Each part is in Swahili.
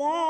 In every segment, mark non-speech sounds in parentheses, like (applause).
that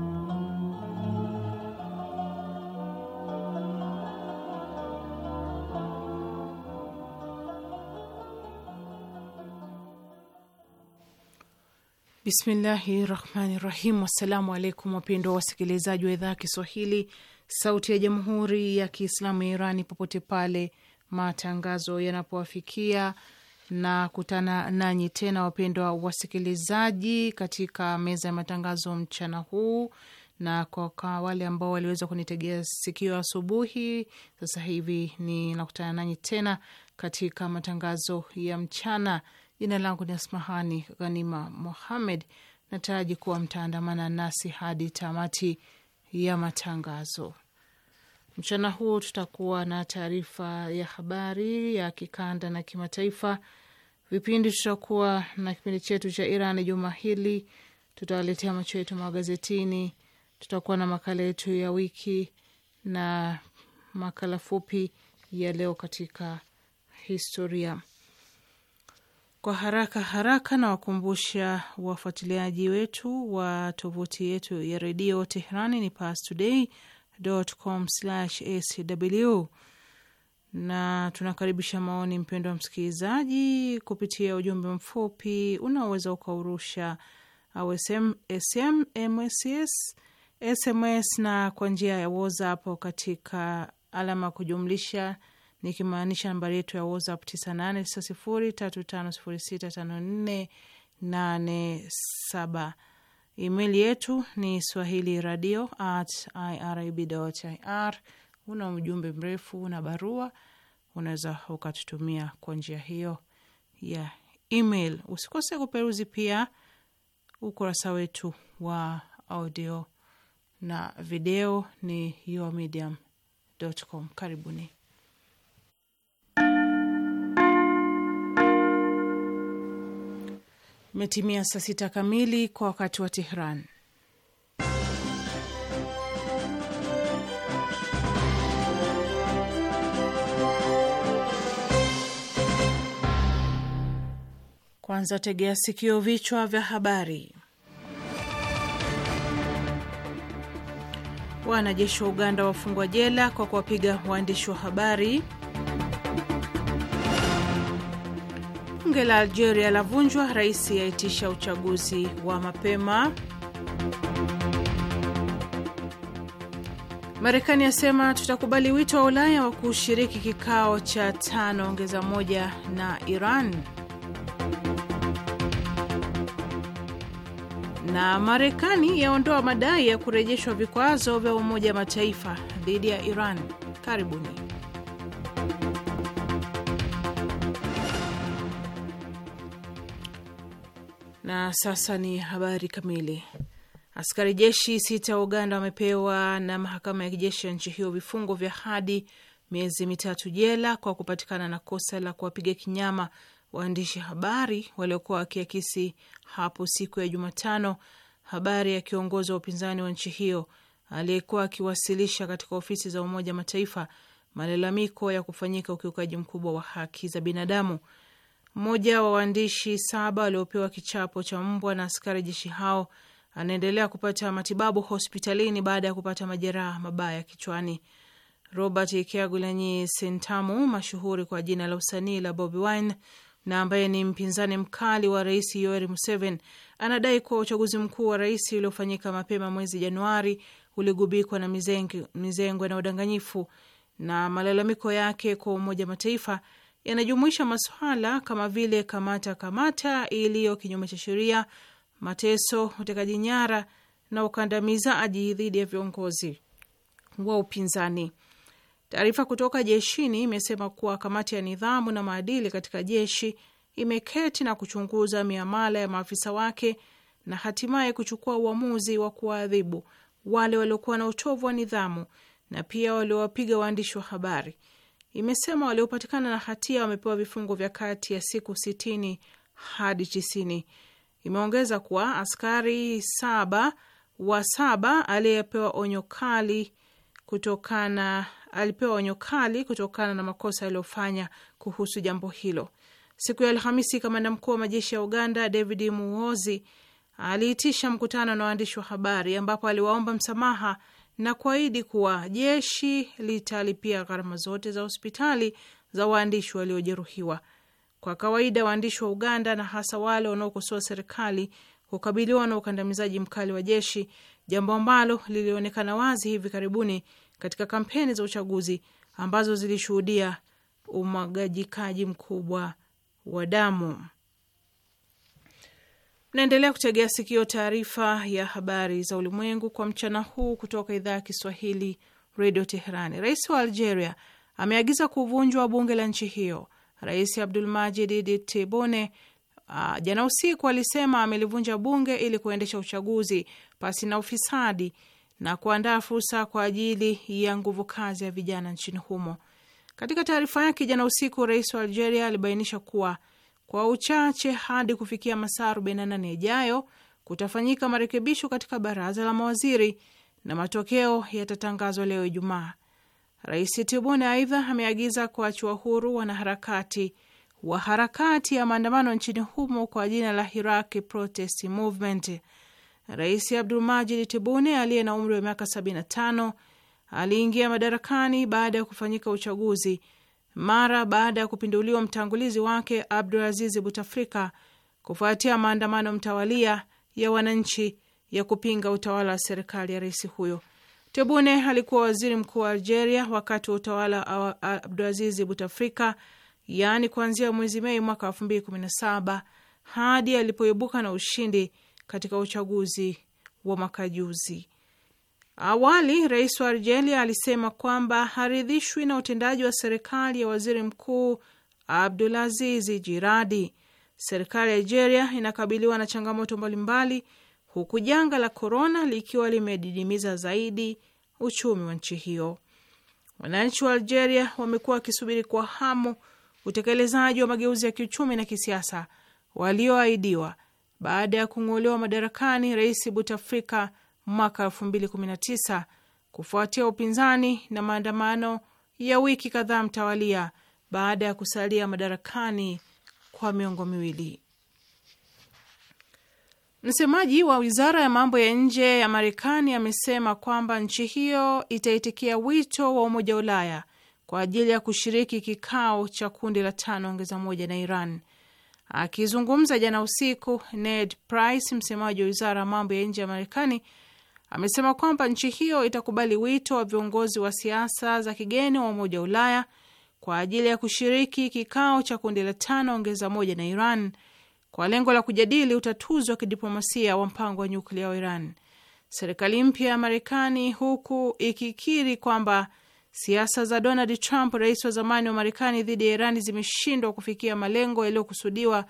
Bismillahi rahmani rahim. Wassalamu alaikum wapendwa wasikilizaji wa idhaa ya Kiswahili sauti ya jamhuri ya Kiislamu ya Irani popote pale matangazo yanapowafikia na kutana nanyi tena wapendwa wasikilizaji, katika meza ya matangazo mchana huu, na kwa wale ambao waliweza kunitegea sikio asubuhi, sasa hivi nakutana nanyi tena katika matangazo ya mchana Jina langu ni Asmahani Ghanima Mohamed. Nataraji kuwa mtaandamana nasi hadi tamati ya matangazo. Mchana huu tutakuwa na taarifa ya habari ya kikanda na kimataifa, vipindi. Tutakuwa na kipindi chetu cha Iran juma hili, tutawaletea macho yetu magazetini, tutakuwa na makala yetu ya wiki na makala fupi ya leo katika historia kwa haraka haraka na wakumbusha wafuatiliaji wetu wa tovuti yetu ya redio Teherani ni pastoday.com/sw, na tunakaribisha maoni, mpendo wa msikilizaji, kupitia ujumbe mfupi unaoweza ukaurusha au SM, MSS, SMS na kwa njia ya WhatsApp katika alama kujumlisha nikimaanisha nambari yetu ya WhatsApp saba. Email yetu ni swahili radio at ir Una ujumbe mrefu una barua, unaweza ukatutumia kwa njia hiyo ya yeah, email. Usikose kuperuzi pia ukurasa wetu wa audio na video ni yourmedium.com. Karibuni. Imetimia saa sita kamili kwa wakati wa Tehran. Kwanza tegea sikio, vichwa vya habari. Wanajeshi wa Uganda wafungwa jela kwa kuwapiga waandishi wa habari. Bunge la Algeria lavunjwa, rais yaitisha uchaguzi wa mapema. Marekani yasema tutakubali wito wa Ulaya wa kushiriki kikao cha tano ongeza moja na Iran. Na Marekani yaondoa madai ya kurejeshwa vikwazo vya Umoja Mataifa dhidi ya Iran. Karibuni. Na sasa ni habari kamili. Askari jeshi sita wa Uganda wamepewa na mahakama ya kijeshi ya nchi hiyo vifungo vya hadi miezi mitatu jela kwa kupatikana na kosa la kuwapiga kinyama waandishi habari waliokuwa wakiakisi hapo siku ya Jumatano habari ya kiongozi wa upinzani wa nchi hiyo aliyekuwa akiwasilisha katika ofisi za Umoja Mataifa malalamiko ya kufanyika ukiukaji mkubwa wa haki za binadamu mmoja wa waandishi saba waliopewa kichapo cha mbwa na askari jeshi hao anaendelea kupata matibabu hospitalini baada ya kupata majeraha mabaya kichwani. Robert Kyagulanyi Sentamu, mashuhuri kwa jina la usanii la Bobi Wine na ambaye ni mpinzani mkali wa rais Yoweri Museveni, anadai kuwa uchaguzi mkuu wa rais uliofanyika mapema mwezi Januari uligubikwa na mizengwe na udanganyifu, na malalamiko yake kwa Umoja Mataifa yanajumuisha masuala kama vile kamata kamata iliyo kinyume cha sheria, mateso, utekaji nyara na ukandamizaji dhidi ya viongozi wa upinzani. Taarifa kutoka jeshini imesema kuwa kamati ya nidhamu na maadili katika jeshi imeketi na kuchunguza miamala ya maafisa wake na hatimaye kuchukua uamuzi wa kuwaadhibu wale waliokuwa na utovu wa nidhamu na pia waliowapiga waandishi wa habari imesema waliopatikana na hatia wamepewa vifungo vya kati ya siku sitini hadi tisini. Imeongeza kuwa askari saba wa saba aliyepewa onyo kali kutokana alipewa onyo kali kutokana na makosa yaliyofanya kuhusu jambo hilo. Siku ya Alhamisi, kamanda mkuu wa majeshi ya Uganda David muozi aliitisha mkutano na waandishi wa habari ambapo aliwaomba msamaha na kuahidi kuwa jeshi litalipia gharama zote za hospitali za waandishi waliojeruhiwa. Kwa kawaida, waandishi wa Uganda na hasa wale wanaokosoa serikali hukabiliwa na ukandamizaji mkali wa jeshi, jambo ambalo lilionekana wazi hivi karibuni katika kampeni za uchaguzi ambazo zilishuhudia umwagajikaji mkubwa wa damu. Naendelea kutegea sikio taarifa ya habari za ulimwengu kwa mchana huu kutoka idhaa ya Kiswahili redio Teherani. Rais wa Algeria ameagiza kuvunjwa bunge la nchi hiyo. Rais abdul Idi Tebboune uh, jana usiku alisema amelivunja bunge ili kuendesha uchaguzi pasi na ufisadi na kuandaa fursa kwa ajili ya nguvu kazi ya vijana nchini humo. Katika taarifa yake jana usiku, rais wa Algeria alibainisha kuwa kwa uchache hadi kufikia masaa 48 yajayo kutafanyika marekebisho katika baraza la mawaziri na matokeo yatatangazwa leo Ijumaa. Rais Tibune aidha ameagiza kuachiwa huru wanaharakati wa harakati ya maandamano nchini humo kwa jina la Hiraki Protest Movement. Rais Abdulmajid Tibune aliye na umri wa miaka 75 aliingia madarakani baada ya kufanyika uchaguzi mara baada ya kupinduliwa mtangulizi wake Abdulaziz Butafrika kufuatia maandamano mtawalia ya wananchi ya kupinga utawala wa serikali ya rais huyo. Tebune alikuwa waziri mkuu wa Algeria wakati wa utawala wa Abdulaziz Butafrika, yaani kuanzia mwezi Mei mwaka elfu mbili kumi na saba hadi alipoibuka na ushindi katika uchaguzi wa mwaka juzi. Awali rais wa Algeria alisema kwamba haridhishwi na utendaji wa serikali ya waziri mkuu Abdulaziz Jiradi. Serikali ya Algeria inakabiliwa na changamoto mbalimbali, huku janga la korona likiwa limedidimiza zaidi uchumi wa nchi hiyo. Wananchi wa Algeria wamekuwa wakisubiri kwa hamu utekelezaji wa mageuzi ya kiuchumi na kisiasa walioahidiwa baada ya kung'olewa madarakani Rais Buteflika mwaka tisa kufuatia upinzani na maandamano ya wiki kadhaa mtawalia baada ya kusalia madarakani kwa miongo miwili. Msemaji wa wizara ya mambo ya nje ya Marekani amesema kwamba nchi hiyo itaitikia wito wa Umoja wa Ulaya kwa ajili ya kushiriki kikao cha kundi la tano ongeza moja na Iran. Akizungumza jana usiku, Ned Price, msemaji wa wizara ya mambo ya nje ya Marekani, amesema kwamba nchi hiyo itakubali wito wa viongozi wa siasa za kigeni wa Umoja wa Ulaya kwa ajili ya kushiriki kikao cha kundi la tano ongeza moja na Iran kwa lengo la kujadili utatuzi wa kidiplomasia wa mpango wa nyuklia wa Iran. Serikali mpya ya Marekani, huku ikikiri kwamba siasa za Donald Trump, rais wa zamani wa Marekani, dhidi ya Iran zimeshindwa kufikia malengo yaliyokusudiwa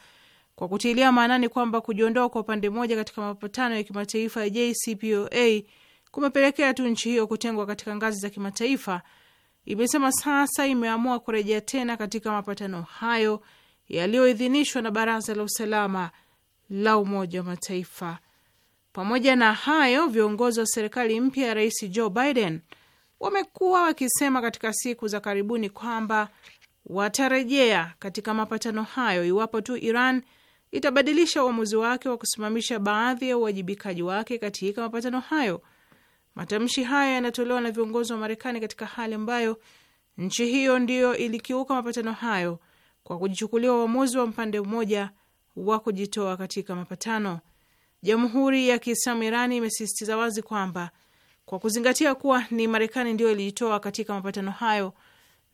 kwa kutilia maanani kwamba kujiondoa kwa upande mmoja katika mapatano ya kimataifa ya JCPOA kumepelekea tu nchi hiyo kutengwa katika ngazi za kimataifa, imesema sasa imeamua kurejea tena katika mapatano hayo yaliyoidhinishwa na Baraza la Usalama la Umoja wa Mataifa. Pamoja na hayo, viongozi wa serikali mpya ya Rais Joe Biden wamekuwa wakisema katika siku za karibuni kwamba watarejea katika mapatano hayo iwapo tu Iran itabadilisha uamuzi wake wa kusimamisha baadhi ya uwajibikaji wake katika mapatano hayo. Matamshi haya yanatolewa na viongozi wa Marekani katika hali ambayo nchi hiyo ndiyo ilikiuka mapatano hayo kwa kujichukulia uamuzi wa mpande mmoja wa kujitoa katika mapatano. Jamhuri ya Kiislamu Irani imesisitiza wazi kwamba kwa kuzingatia kuwa ni Marekani ndiyo ilijitoa katika mapatano hayo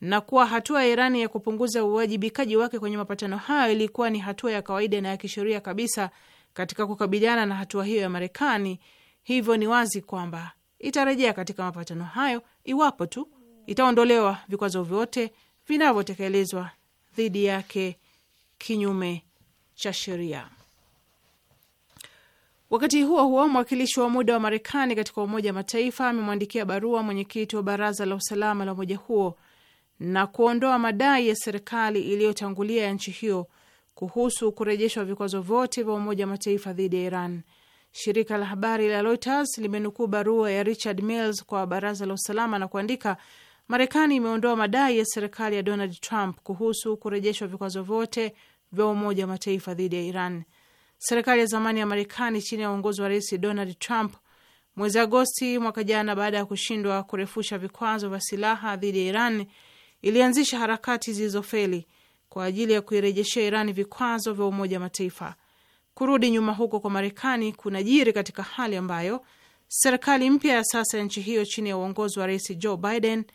na kuwa hatua ya Irani ya kupunguza uwajibikaji wake kwenye mapatano hayo ilikuwa ni hatua ya kawaida na ya kisheria kabisa katika kukabiliana na hatua hiyo ya Marekani. Hivyo ni wazi kwamba itarejea katika mapatano hayo iwapo tu itaondolewa vikwazo vyote vinavyotekelezwa dhidi yake kinyume cha sheria. Wakati huo huo, mwakilishi wa muda wa Marekani katika Umoja wa Mataifa amemwandikia barua mwenyekiti wa Baraza la Usalama la umoja huo na kuondoa madai ya serikali iliyotangulia ya nchi hiyo kuhusu kurejeshwa vikwazo vyote vya Umoja wa Mataifa dhidi ya Iran. Shirika la habari la Reuters limenukuu barua ya Richard Mills kwa Baraza la Usalama na kuandika, Marekani imeondoa madai ya serikali ya Donald Trump kuhusu kurejeshwa vikwazo vyote vya Umoja wa Mataifa dhidi ya Iran. Serikali ya zamani ya Marekani chini ya uongozi wa Rais Donald Trump mwezi Agosti mwaka jana, baada ya kushindwa kurefusha vikwazo vya silaha dhidi ya Iran ilianzisha harakati zilizofeli kwa ajili ya kuirejeshea Irani vikwazo vya Umoja Mataifa. Kurudi nyuma huko kwa Marekani kunajiri katika hali ambayo serikali mpya ya sasa ya nchi hiyo chini ya uongozi wa Rais Joe Biden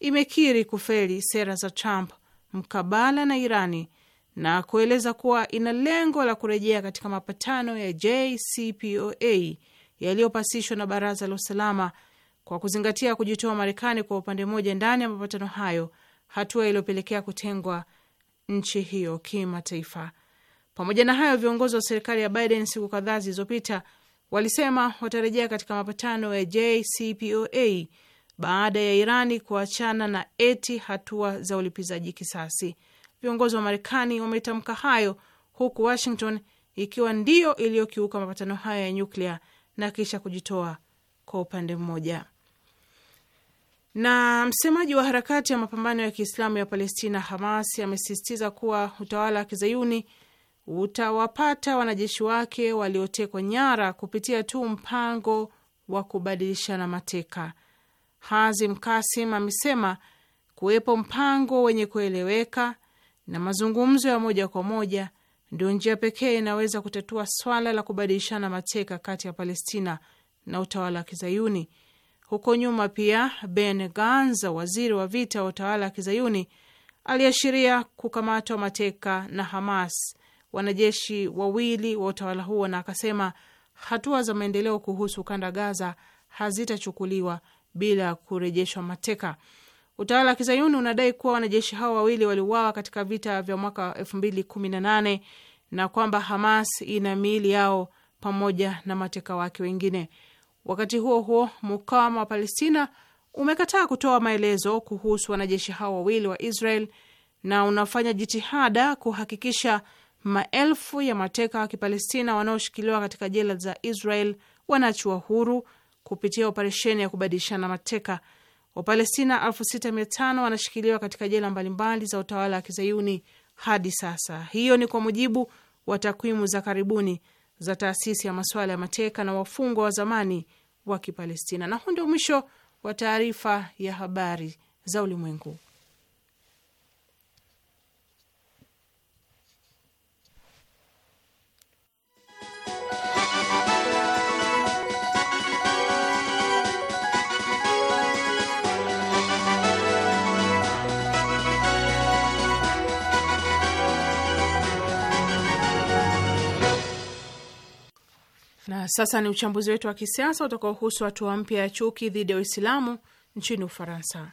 imekiri kufeli sera za Trump mkabala na Irani na kueleza kuwa ina lengo la kurejea katika mapatano ya JCPOA yaliyopasishwa na Baraza la Usalama kwa kuzingatia kujitoa Marekani kwa upande mmoja ndani ya mapatano hayo hatua iliyopelekea kutengwa nchi hiyo kimataifa. Pamoja na hayo, viongozi wa serikali ya Biden siku kadhaa zilizopita walisema watarejea katika mapatano ya JCPOA baada ya Irani kuachana na eti hatua za ulipizaji kisasi. Viongozi wa Marekani wametamka hayo huku Washington ikiwa ndiyo iliyokiuka mapatano hayo ya nyuklia na kisha kujitoa kwa upande mmoja. Na msemaji wa harakati ya mapambano ya Kiislamu ya Palestina Hamas amesisitiza kuwa utawala wa kizayuni utawapata wanajeshi wake waliotekwa nyara kupitia tu mpango wa kubadilishana mateka. Hazim Kasim amesema kuwepo mpango wenye kueleweka na mazungumzo ya moja kwa moja ndio njia pekee inaweza kutatua swala la kubadilishana mateka kati ya Palestina na utawala wa kizayuni huko nyuma pia, Ben Ganza, waziri wa vita wa utawala wa kizayuni, aliashiria kukamatwa mateka na Hamas wanajeshi wawili wa utawala huo, na akasema hatua za maendeleo kuhusu ukanda Gaza hazitachukuliwa bila kurejeshwa mateka. Utawala wa kizayuni unadai kuwa wanajeshi hao wawili waliuawa katika vita vya mwaka elfu mbili 2018 na kwamba Hamas ina miili yao pamoja na mateka wake wengine. Wakati huo huo, mukawama wa Palestina umekataa kutoa maelezo kuhusu wanajeshi hao wawili wa Israel na unafanya jitihada kuhakikisha maelfu ya mateka wa Kipalestina wanaoshikiliwa katika jela za Israel wanaachiwa huru kupitia operesheni ya kubadilishana mateka. Wapalestina 6500 wanashikiliwa katika jela mbalimbali za utawala wa kizayuni hadi sasa. Hiyo ni kwa mujibu wa takwimu za karibuni za taasisi ya masuala ya mateka na wafungwa wa zamani wa Kipalestina. Na huu ndio mwisho wa taarifa ya habari za ulimwengu. Na sasa ni uchambuzi wetu wa kisiasa utakaohusu hatua mpya ya chuki dhidi ya Uislamu nchini Ufaransa.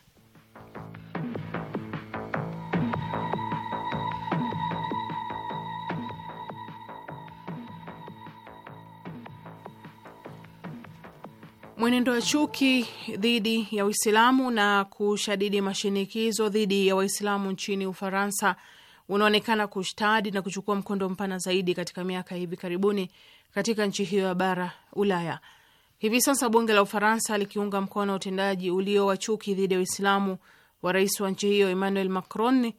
Mwenendo wa chuki dhidi ya Uislamu na kushadidi mashinikizo dhidi ya Waislamu nchini Ufaransa unaonekana kushtadi na kuchukua mkondo mpana zaidi katika miaka hivi karibuni katika nchi hiyo ya bara Ulaya. Hivi sasa bunge la Ufaransa likiunga mkono utendaji ulio wa chuki dhidi ya Uislamu wa rais wa nchi hiyo Emmanuel Macron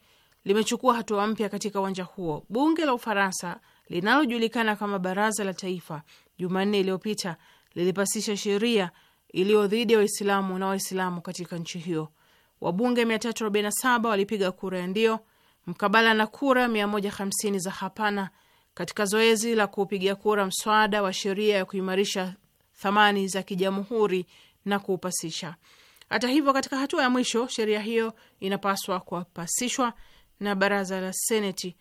limechukua hatua mpya katika uwanja huo. Bunge la Ufaransa linalojulikana kama Baraza la Taifa Jumanne iliyopita lilipasisha sheria iliyo dhidi ya Waislamu na Waislamu katika nchi hiyo. Wabunge 347 walipiga kura ya ndio mkabala na kura 150 za hapana katika zoezi la kupiga kura mswada wa sheria ya kuimarisha thamani za kijamhuri na kuupasisha. Hata hivyo, katika hatua ya mwisho sheria hiyo inapaswa kupasishwa na baraza la seneti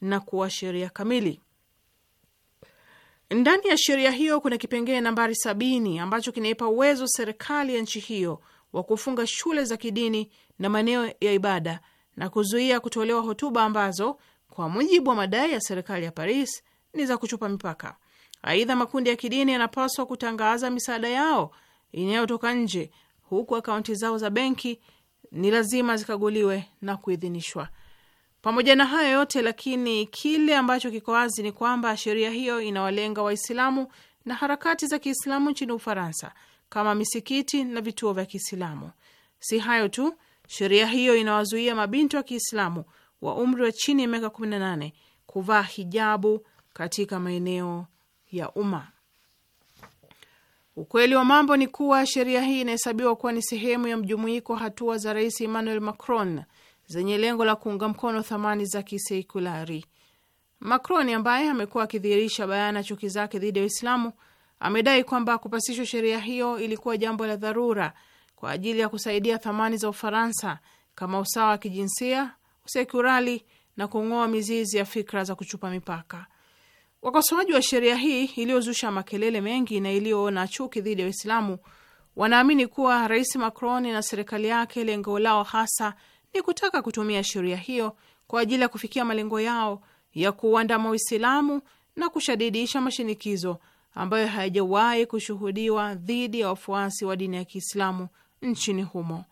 na kuwa sheria kamili. Ndani ya sheria hiyo kuna kipengee nambari sabini ambacho kinaipa uwezo serikali ya nchi hiyo wa kufunga shule za kidini na maeneo ya ibada na kuzuia kutolewa hotuba ambazo kwa mujibu wa madai ya serikali ya Paris ni za kuchupa mipaka. Aidha, makundi ya kidini yanapaswa kutangaza misaada yao inayotoka nje, huku akaunti zao za benki ni lazima zikaguliwe na kuidhinishwa. Pamoja na hayo yote lakini, kile ambacho kiko wazi ni kwamba sheria hiyo inawalenga Waislamu na harakati za Kiislamu nchini Ufaransa kama misikiti na vituo vya Kiislamu. Si hayo tu, sheria hiyo inawazuia mabinti wa Kiislamu wa umri wa chini ya miaka 18 kuvaa hijabu katika maeneo ya umma. Ukweli wa mambo ni kuwa sheria hii inahesabiwa kuwa ni sehemu ya mjumuiko wa hatua za Rais Emmanuel Macron zenye lengo la kuunga mkono thamani za kisekulari. Macron ambaye amekuwa akidhihirisha bayana chuki zake dhidi ya Uislamu amedai kwamba kupasishwa sheria hiyo ilikuwa jambo la dharura kwa ajili ya kusaidia thamani za Ufaransa kama usawa wa kijinsia, sekurali na kung'oa mizizi ya fikra za kuchupa mipaka. Wakosoaji wa sheria hii iliyozusha makelele mengi na iliyoona chuki dhidi ya Waislamu wanaamini kuwa Rais Macron na serikali yake lengo lao hasa ni kutaka kutumia sheria hiyo kwa ajili ya kufikia malengo yao ya kuuandama Uislamu na kushadidisha mashinikizo ambayo hayajawahi kushuhudiwa dhidi ya wafuasi wa dini ya Kiislamu nchini humo.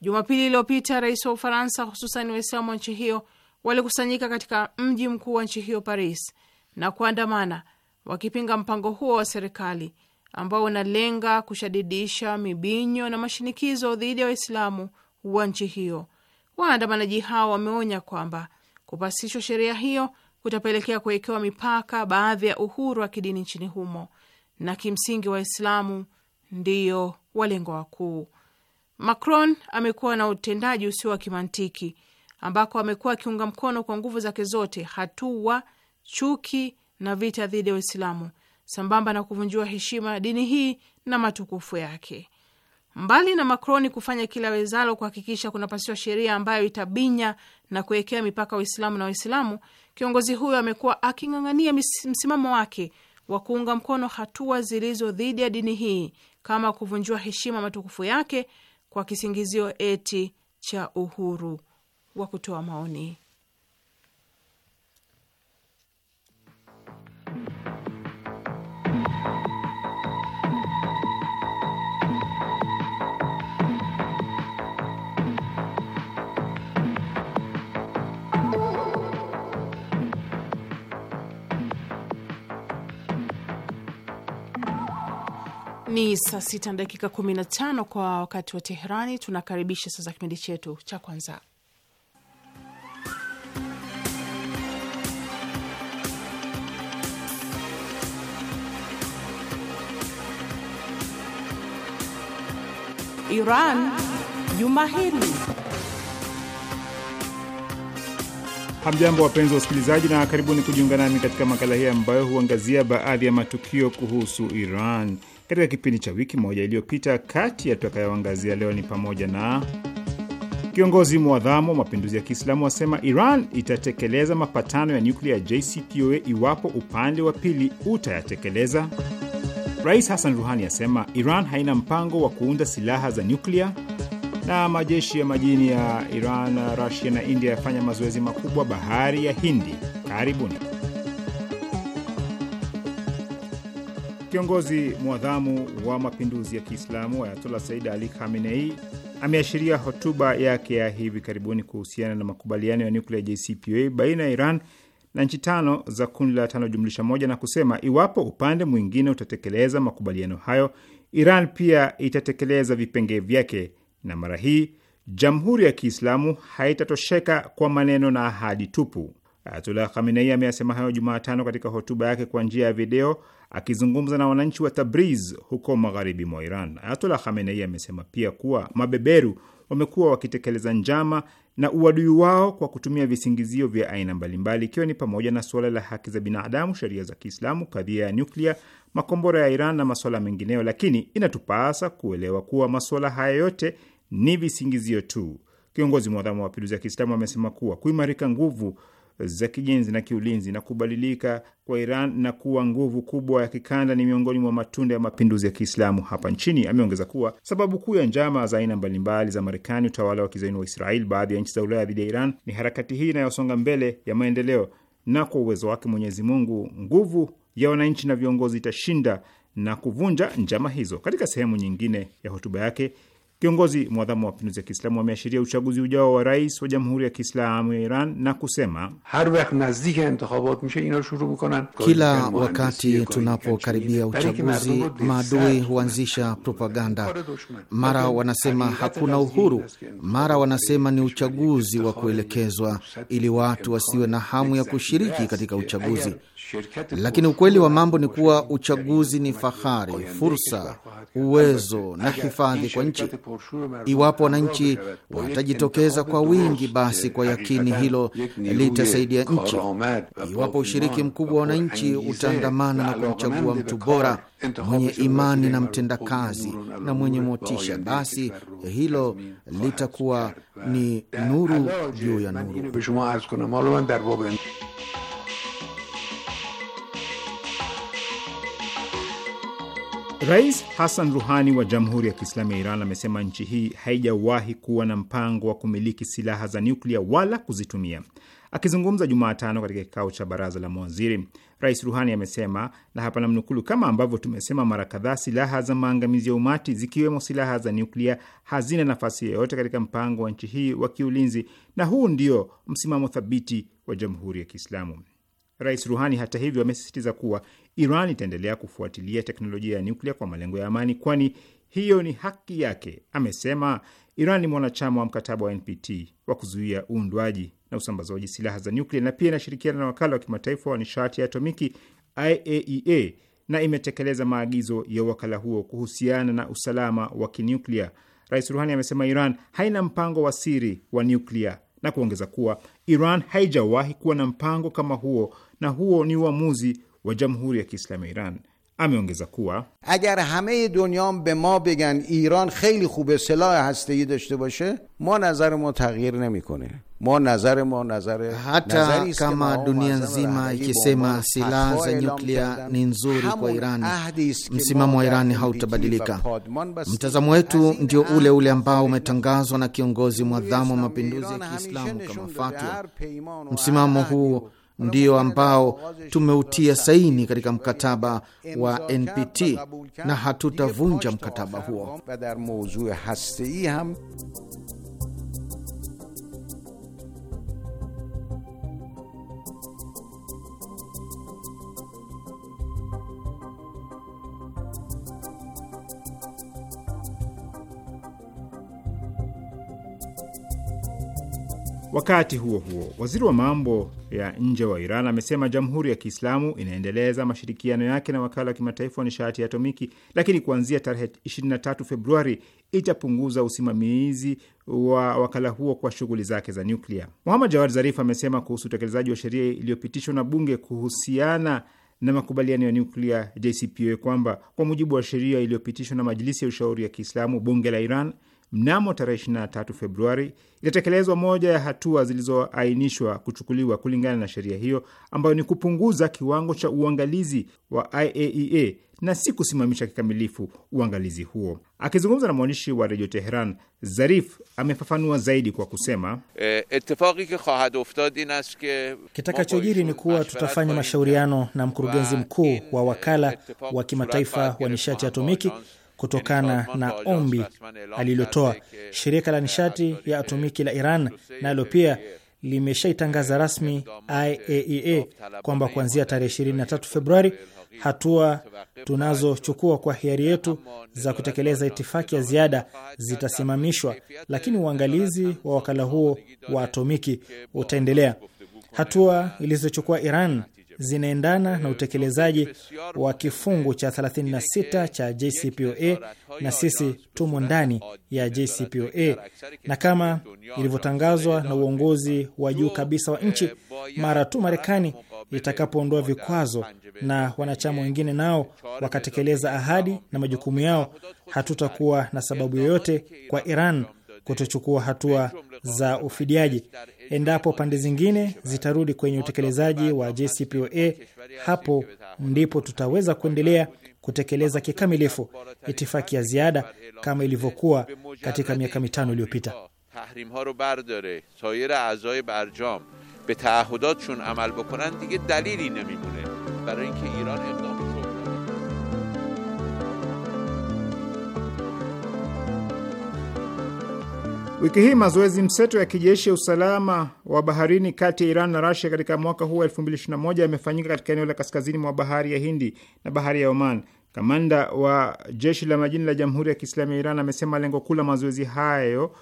Jumapili iliyopita rais wa Ufaransa, hususan Waislamu wa nchi hiyo walikusanyika katika mji mkuu wa nchi hiyo Paris na kuandamana wakipinga mpango huo wa serikali ambao unalenga kushadidisha mibinyo na mashinikizo dhidi ya Waislamu wa nchi hiyo. Waandamanaji hao wameonya kwamba kupasishwa sheria hiyo kutapelekea kuwekewa mipaka baadhi ya uhuru wa kidini nchini humo, na kimsingi Waislamu ndiyo walengwa wakuu. Macron amekuwa na utendaji usio wa kimantiki ambako amekuwa akiunga mkono kwa nguvu zake zote hatua, chuki na vita dhidi ya Uislamu sambamba na kuvunjiwa heshima dini hii na matukufu yake. Mbali na Macron kufanya kila wezalo kuhakikisha kunapasishwa sheria ambayo itabinya na kuwekea mipaka Waislamu na Waislamu, kiongozi huyo amekuwa aking'ang'ania msimamo wake wa kuunga mkono hatua zilizo dhidi ya dini hii kama kuvunjiwa heshima matukufu yake kwa kisingizio eti cha uhuru wa kutoa maoni. Ni saa sita na dakika kumi na tano kwa wakati wa Teherani. Tunakaribisha sasa kipindi chetu cha kwanza, Iran Juma Hili. Hamjambo, wapenzi wa usikilizaji, na karibuni kujiunga nami katika makala hii ambayo huangazia baadhi ya matukio kuhusu Iran katika kipindi cha wiki moja iliyopita. Kati ya tutakayoangazia leo ni pamoja na kiongozi mwadhamu wa mapinduzi ya Kiislamu wasema Iran itatekeleza mapatano ya nyuklia ya JCPOA iwapo upande wa pili utayatekeleza. Rais Hassan Ruhani asema Iran haina mpango wa kuunda silaha za nyuklia na majeshi ya majini ya Iran, Rusia na India yafanya mazoezi makubwa bahari ya Hindi. Karibuni. Kiongozi mwadhamu wa mapinduzi ya Kiislamu Ayatola Said Ali Khamenei ameashiria hotuba yake ya hivi karibuni kuhusiana na makubaliano ya nyuklia JCPOA baina ya Iran na nchi tano za kundi la tano jumlisha moja na kusema iwapo upande mwingine utatekeleza makubaliano hayo, Iran pia itatekeleza vipengee vyake na mara hii Jamhuri ya Kiislamu haitatosheka kwa maneno na ahadi tupu. Ayatullah Khamenei ameyasema hayo Jumatano katika hotuba yake kwa njia ya video akizungumza na wananchi wa Tabriz huko magharibi mwa Iran. Ayatullah Khamenei amesema pia kuwa mabeberu wamekuwa wakitekeleza njama na uadui wao kwa kutumia visingizio vya aina mbalimbali, ikiwa ni pamoja na suala la haki za binadamu, sheria za Kiislamu, kadhia ya nyuklia, makombora ya Iran na masuala mengineyo, lakini inatupasa kuelewa kuwa masuala haya yote ni visingizio tu. Kiongozi mwadhamu wa mapinduzi ya Kiislamu amesema kuwa kuimarika nguvu za kijenzi na kiulinzi na kubadilika kwa Iran na kuwa nguvu kubwa ya kikanda ni miongoni mwa matunda ya mapinduzi ya Kiislamu hapa nchini. Ameongeza kuwa sababu kuu ya njama za aina mbalimbali za Marekani, utawala wa kizaini wa Israel, baadhi ya nchi za Ulaya dhidi ya Iran ni harakati hii inayosonga mbele ya maendeleo, na kwa uwezo wake Mwenyezi Mungu, nguvu ya wananchi na viongozi itashinda na kuvunja njama hizo. Katika sehemu nyingine ya hotuba yake Kiongozi mwadhamu wa mapinduzi ya Kiislamu wameashiria uchaguzi ujao wa rais wa Jamhuri ya Kiislamu ya Iran na kusema, kila wakati tunapokaribia uchaguzi, maadui huanzisha propaganda. Mara wanasema hakuna uhuru, mara wanasema ni uchaguzi wa kuelekezwa, ili watu wasiwe na hamu ya kushiriki katika uchaguzi. Lakini ukweli wa mambo ni kuwa uchaguzi ni fahari, fursa, uwezo na hifadhi kwa nchi. Iwapo wananchi watajitokeza kwa wingi, basi kwa yakini hilo litasaidia nchi. Iwapo ushiriki mkubwa wa wananchi utaandamana na kumchagua mtu bora mwenye imani na mtendakazi na mwenye motisha, basi hilo litakuwa ni nuru juu ya nuru. Rais Hassan Ruhani wa Jamhuri ya Kiislamu ya Iran amesema nchi hii haijawahi kuwa na mpango wa kumiliki silaha za nyuklia wala kuzitumia. Akizungumza Jumatano katika kikao cha baraza la mawaziri, Rais Ruhani amesema na hapa namnukulu, kama ambavyo tumesema mara kadhaa, silaha za maangamizi ya umati zikiwemo silaha za nyuklia hazina nafasi yoyote katika mpango wa nchi hii wa kiulinzi, na huu ndio msimamo thabiti wa Jamhuri ya Kiislamu. Rais Ruhani hata hivyo amesisitiza kuwa Iran itaendelea kufuatilia teknolojia ya nyuklia kwa malengo ya amani, kwani hiyo ni haki yake. Amesema Iran ni mwanachama wa mkataba wa NPT wa kuzuia uundwaji na usambazaji silaha za nyuklia na pia inashirikiana na wakala wa kimataifa wa nishati ya atomiki IAEA e na imetekeleza maagizo ya wakala huo kuhusiana na usalama wa kinuklia. Rais Ruhani amesema Iran haina mpango wa siri wa nyuklia na kuongeza kuwa Iran haijawahi kuwa na mpango kama huo na huo ni uamuzi wa Jamhuri ya Kiislamu ya Iran. Ameongeza kuwa agar hame dunya be ma began iran kheli khube silah hastei dashte bashe ma nazar ma taghir nemikone ma nazar ma nazar, hata kama dunia nzima ikisema silaha za nyuklia ni nzuri kwa Iran, msimamo wa Iran hautabadilika. Mtazamo wetu ndio ule ule ambao umetangazwa na kiongozi mwadhamu wa mapinduzi ya Kiislamu kama fatwa. Msimamo huu ndio ambao tumeutia saini katika mkataba wa NPT na hatutavunja mkataba huo. Wakati huo huo, waziri wa mambo ya nje wa Iran amesema Jamhuri ya Kiislamu inaendeleza mashirikiano yake na wakala wa kimataifa wa nishati ya atomiki, lakini kuanzia tarehe 23 Februari itapunguza usimamizi wa wakala huo kwa shughuli zake za nyuklia. Muhamad Jawad Zarif amesema kuhusu utekelezaji wa sheria iliyopitishwa na bunge kuhusiana na makubaliano ya nyuklia JCPOA kwamba kwa mujibu wa sheria iliyopitishwa na Majilisi ya Ushauri ya Kiislamu, bunge la Iran mnamo tarehe 23 Februari itatekelezwa moja ya hatua zilizoainishwa kuchukuliwa kulingana na sheria hiyo ambayo ni kupunguza kiwango cha uangalizi wa IAEA e na si kusimamisha kikamilifu uangalizi huo. Akizungumza na mwandishi wa redio Teheran, Zarif amefafanua zaidi kwa kusema e, kitakachojiri ni kuwa tutafanya mashauriano na mkurugenzi mkuu wa wakala wa kimataifa wa nishati atomiki kutokana na ombi alilotoa. Shirika la nishati ya atomiki la Iran nalo na pia limeshaitangaza rasmi IAEA kwamba kuanzia tarehe 23 Februari, hatua tunazochukua kwa hiari yetu za kutekeleza itifaki ya ziada zitasimamishwa, lakini uangalizi wa wakala huo wa atomiki utaendelea. Hatua ilizochukua Iran zinaendana na utekelezaji wa kifungu cha 36 cha JCPOA na sisi tumo ndani ya JCPOA, na kama ilivyotangazwa na uongozi wa juu kabisa wa nchi, mara tu Marekani itakapoondoa vikwazo na wanachama wengine nao wakatekeleza ahadi na majukumu yao, hatutakuwa na sababu yoyote kwa Iran kutochukua hatua za ufidiaji. Endapo pande zingine zitarudi kwenye utekelezaji wa JCPOA, hapo ndipo tutaweza kuendelea kutekeleza kikamilifu itifaki ya ziada kama ilivyokuwa katika miaka mitano iliyopita. Wiki hii mazoezi mseto ya kijeshi ya usalama wa baharini kati ya Iran na Rasia katika mwaka huu wa 2021 yamefanyika katika eneo la kaskazini mwa bahari ya Hindi na bahari ya Oman. Kamanda wa jeshi la majini la Jamhuri ya Kiislamu ya Iran amesema lengo kuu la mazoezi hayo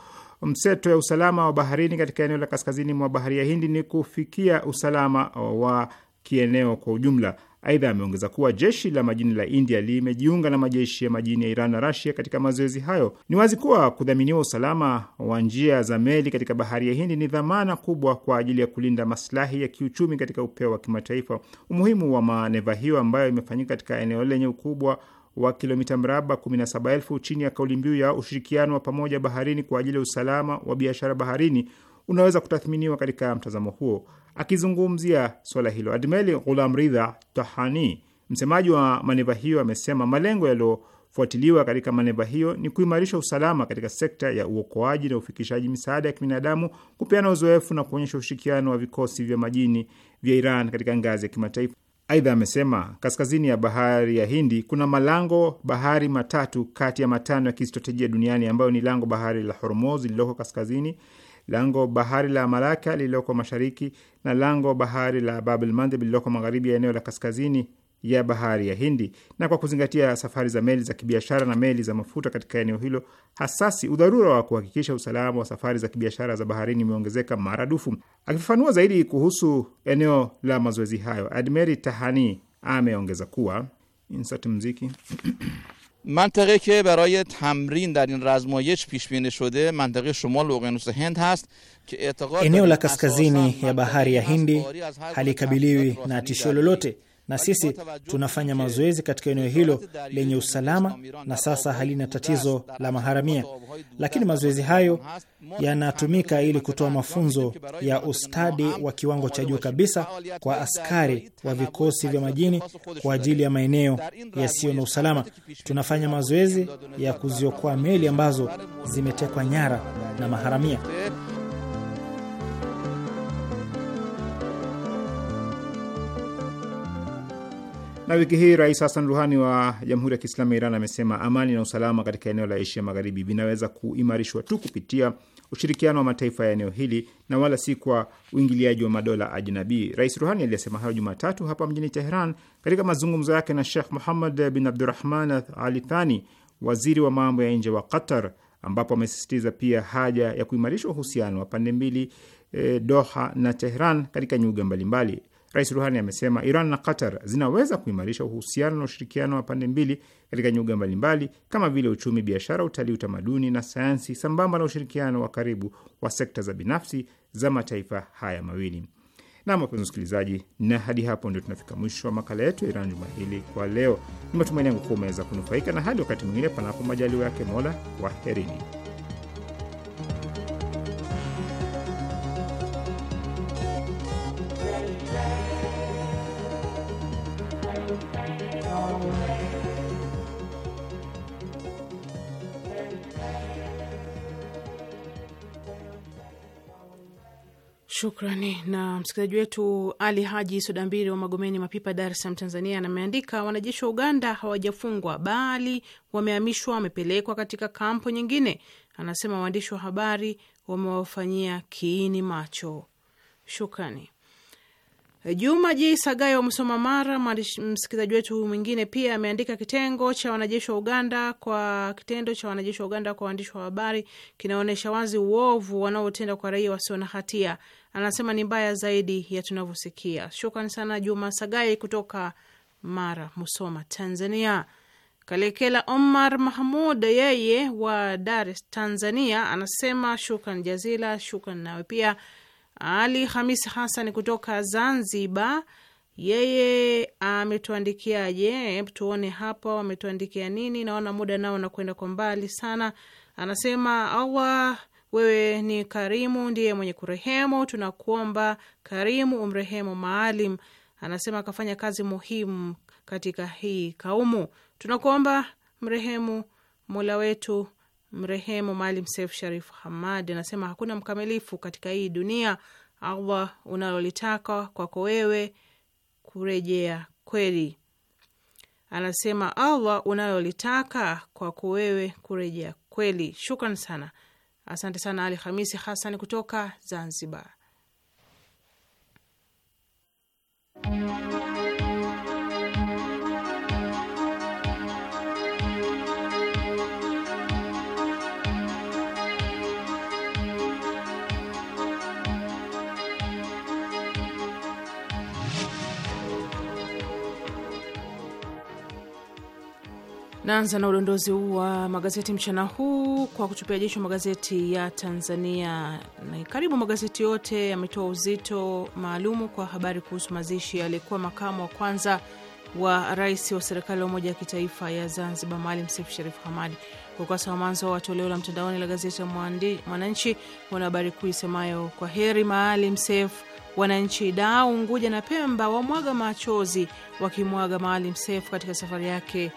mseto ya usalama wa baharini katika eneo la kaskazini mwa bahari ya Hindi ni kufikia usalama wa kieneo kwa ujumla. Aidha, ameongeza kuwa jeshi la majini la India limejiunga na majeshi ya majini ya Iran na Rasia katika mazoezi hayo. Ni wazi kuwa kudhaminiwa usalama wa njia za meli katika bahari ya Hindi ni dhamana kubwa kwa ajili ya kulinda maslahi ya kiuchumi katika upeo wa kimataifa. Umuhimu wa maneva hiyo ambayo imefanyika katika eneo lenye ukubwa wa kilomita mraba 17,000 chini ya kauli mbiu ya ushirikiano wa pamoja baharini kwa ajili ya usalama wa biashara baharini unaweza kutathminiwa katika mtazamo huo. Akizungumzia swala hilo, Admeli Ghulam Ridha Tahani, msemaji wa maneva hiyo, amesema malengo yaliyofuatiliwa katika maneva hiyo ni kuimarisha usalama katika sekta ya uokoaji na ufikishaji misaada ya kibinadamu, kupeana uzoefu na kuonyesha ushirikiano wa vikosi vya majini vya Iran katika ngazi ya kimataifa. Aidha amesema kaskazini ya bahari ya Hindi kuna malango bahari matatu kati ya matano ya kistratejia duniani ambayo ni lango bahari la Hormuz lililoko kaskazini, lango bahari la Malaka lililoko mashariki na lango bahari la Babel Mandeb lililoko magharibi ya eneo la kaskazini ya bahari ya Hindi. Na kwa kuzingatia safari za meli za kibiashara na meli za mafuta katika eneo hilo hasasi, udharura wa kuhakikisha usalama wa safari za kibiashara za baharini umeongezeka maradufu. Akifafanua zaidi kuhusu eneo la mazoezi hayo, Admeri Tahani ameongeza kuwa insert mziki (clears throat) منطقه که برای تمرین در این رزمایش پیش شده منطقه شمال اقیانوس هند هست که اعتقاد کسکزینی لکسکزینی یا بحری هندی حلی کبیلیوی ناتیشولولوتی na sisi tunafanya mazoezi katika eneo hilo lenye usalama, na sasa halina tatizo la maharamia. Lakini mazoezi hayo yanatumika ili kutoa mafunzo ya ustadi wa kiwango cha juu kabisa kwa askari wa vikosi vya majini kwa ajili ya maeneo yasiyo na usalama. Tunafanya mazoezi ya kuziokoa meli ambazo zimetekwa nyara na maharamia. Na wiki hii Rais Hasan Ruhani wa Jamhuri ya Kiislamu ya Iran amesema amani na usalama katika eneo la Asia Magharibi vinaweza kuimarishwa tu kupitia ushirikiano wa mataifa ya eneo hili na wala si kwa uingiliaji wa madola ajnabii. Rais Ruhani aliyesema hayo Jumatatu hapa mjini Teheran katika mazungumzo yake na Shekh Muhammad bin Abdurahman Ali Thani, waziri wa mambo ya nje wa Qatar, ambapo amesisitiza pia haja ya kuimarisha uhusiano wa pande mbili, eh, Doha na Teheran katika nyuga mbalimbali mbali. Rais Ruhani amesema Iran na Qatar zinaweza kuimarisha uhusiano na ushirikiano wa pande mbili katika nyuga mbalimbali kama vile uchumi, biashara, utalii, utamaduni na sayansi, sambamba na ushirikiano wa karibu wa sekta za binafsi za mataifa haya mawili. Nam, wapenzi msikilizaji na hadi hapo ndio tunafika mwisho wa makala yetu ya Iran juma hili kwa leo. Ni matumaini yangu kuwa umeweza kunufaika, na hadi wakati mwingine, panapo majaliwa yake Mola, waherini. Shukrani. Na msikilizaji wetu Ali Haji Sudambiri wa Magomeni Mapipa, Dar es Salaam, Tanzania, ameandika wanajeshi wa Uganda hawajafungwa bali wamehamishwa, wamepelekwa katika kampo nyingine. Anasema waandishi wa habari wamewafanyia kiini macho. Shukrani. Juma J wa msoma Mara, msikilizaji wetu mwingine pia ameandika, kitengo cha wanajeshi wa Uganda kwa kitendo cha wanajeshi wa Uganda kwa waandishi wa habari kinaonyesha wazi uovu wanaotenda kwa raia wasio na hatia. Anasema ni mbaya zaidi ya tunavyosikia. Shukrani sana Juma Sagai kutoka Mara, Musoma, Tanzania. Kalekela Omar Mahmud yeye wa Dar, Tanzania, anasema shukran jazila. Shukran nawe pia ali hamis Hassan kutoka Zanzibar, yeye ametuandikiaje? Tuone hapa wametuandikia nini. Naona muda nao nakwenda kwa mbali sana. Anasema Allah wewe ni karimu, ndiye mwenye kurehemu. Tunakuomba karimu, umrehemu Maalim. Anasema akafanya kazi muhimu katika hii kaumu. Tunakuomba mrehemu mola wetu mrehemu Maalim Seif Sharif Hamad anasema hakuna mkamilifu katika hii dunia. Allah, unalolitaka kwako wewe kurejea kweli. Anasema Allah, unalolitaka kwako wewe kurejea kweli. Shukran sana, asante sana Ali Hamisi Hassan kutoka Zanzibar. Naanza na udondozi huu wa magazeti mchana huu kwa kutupia jicho magazeti ya Tanzania. Karibu magazeti yote yametoa uzito maalumu kwa habari kuhusu mazishi aliyekuwa makamu wa kwanza wa rais wa serikali ya umoja ya kitaifa ya Zanzibar, Maalim Seif Sharif Hamad. Kwa ukurasa wa mwanzo wa toleo la mtandaoni la gazeti ya Mwananchi wana habari kuu isemayo kwa heri Maalim Seif, wananchi Dau, Unguja na Pemba wamwaga machozi wakimwaga Maalim Seif katika safari yake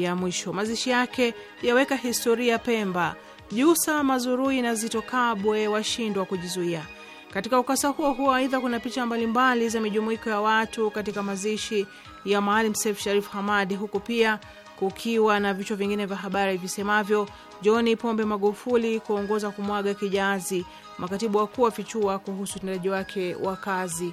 ya mwisho. Mazishi yake yaweka historia Pemba. Jusa Mazurui na Zito Kabwe washindwa kujizuia. Katika ukasa huo huo, aidha kuna picha mbalimbali za mijumuiko ya watu katika mazishi ya Maalim Seif Sharif Hamadi, huku pia kukiwa na vichwa vingine vya habari visemavyo: John Pombe Magufuli kuongoza kumwaga kijazi, makatibu wakuu wafichua kuhusu utendaji wake wa kazi.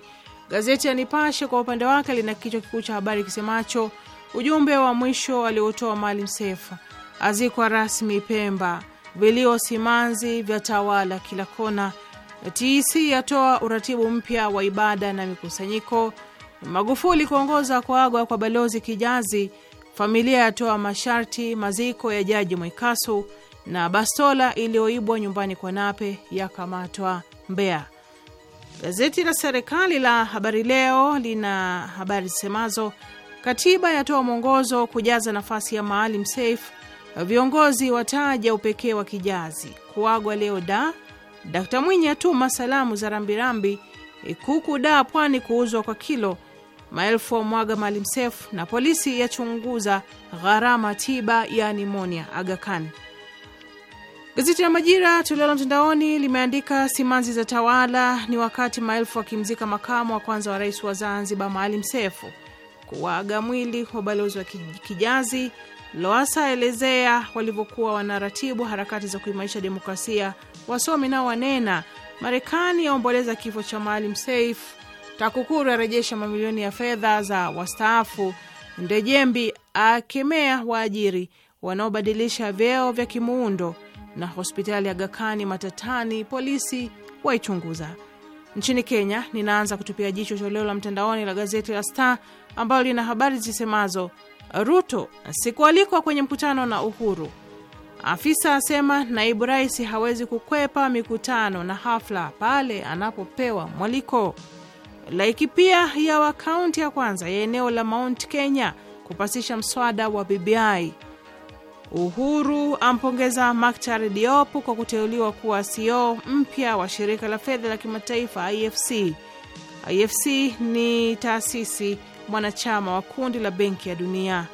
Gazeti ya Nipashe kwa upande wake lina kichwa kikuu cha habari kisemacho Ujumbe wa mwisho aliotoa Maalim Seif, azikwa rasmi Pemba, vilio simanzi vya tawala kila kona. TEC yatoa uratibu mpya wa ibada na mikusanyiko. Magufuli kuongoza kuagwa kwa balozi Kijazi. Familia yatoa masharti maziko ya jaji Mwikasu. Na bastola iliyoibwa nyumbani kwa Nape yakamatwa Mbeya. Gazeti la serikali la Habari Leo lina habari zisemazo Katiba yatoa mwongozo kujaza nafasi ya Maalim Seif. Viongozi wataja upekee wa Kijazi. Kuagwa leo da. Dkt Mwinyi atuma salamu za rambirambi. Kuku da Pwani kuuzwa kwa kilo. Maelfu mwaga Maalim Seif na polisi yachunguza gharama tiba ya nimonia Aga Khan. Gazeti la Majira toleo la mtandaoni limeandika simanzi za tawala ni wakati maelfu wakimzika makamu wa kwanza wa rais wa Zanzibar Maalim Seif kuwaaga mwili wa balozi wa Kijazi, Loasa aelezea walivyokuwa wanaratibu harakati za kuimarisha demokrasia. Wasomi nao wanena Marekani yaomboleza kifo cha Maalim Seif. TAKUKURU arejesha mamilioni ya fedha za wastaafu. Ndejembi akemea waajiri wanaobadilisha vyeo vya kimuundo. Na hospitali ya Gakani matatani, polisi waichunguza. Nchini Kenya, ninaanza kutupia jicho toleo la mtandaoni la gazeti la Star ambalo lina habari zisemazo Ruto sikualikwa kwenye mkutano na Uhuru. Afisa asema naibu rais hawezi kukwepa mikutano na hafla pale anapopewa mwaliko. Laiki pia ya wa kaunti ya kwanza ya eneo la Mount Kenya kupasisha mswada wa BBI. Uhuru ampongeza Maktar Diop kwa kuteuliwa kuwa CEO mpya wa shirika la fedha la kimataifa IFC. IFC ni taasisi mwanachama wa kundi la Benki ya Dunia.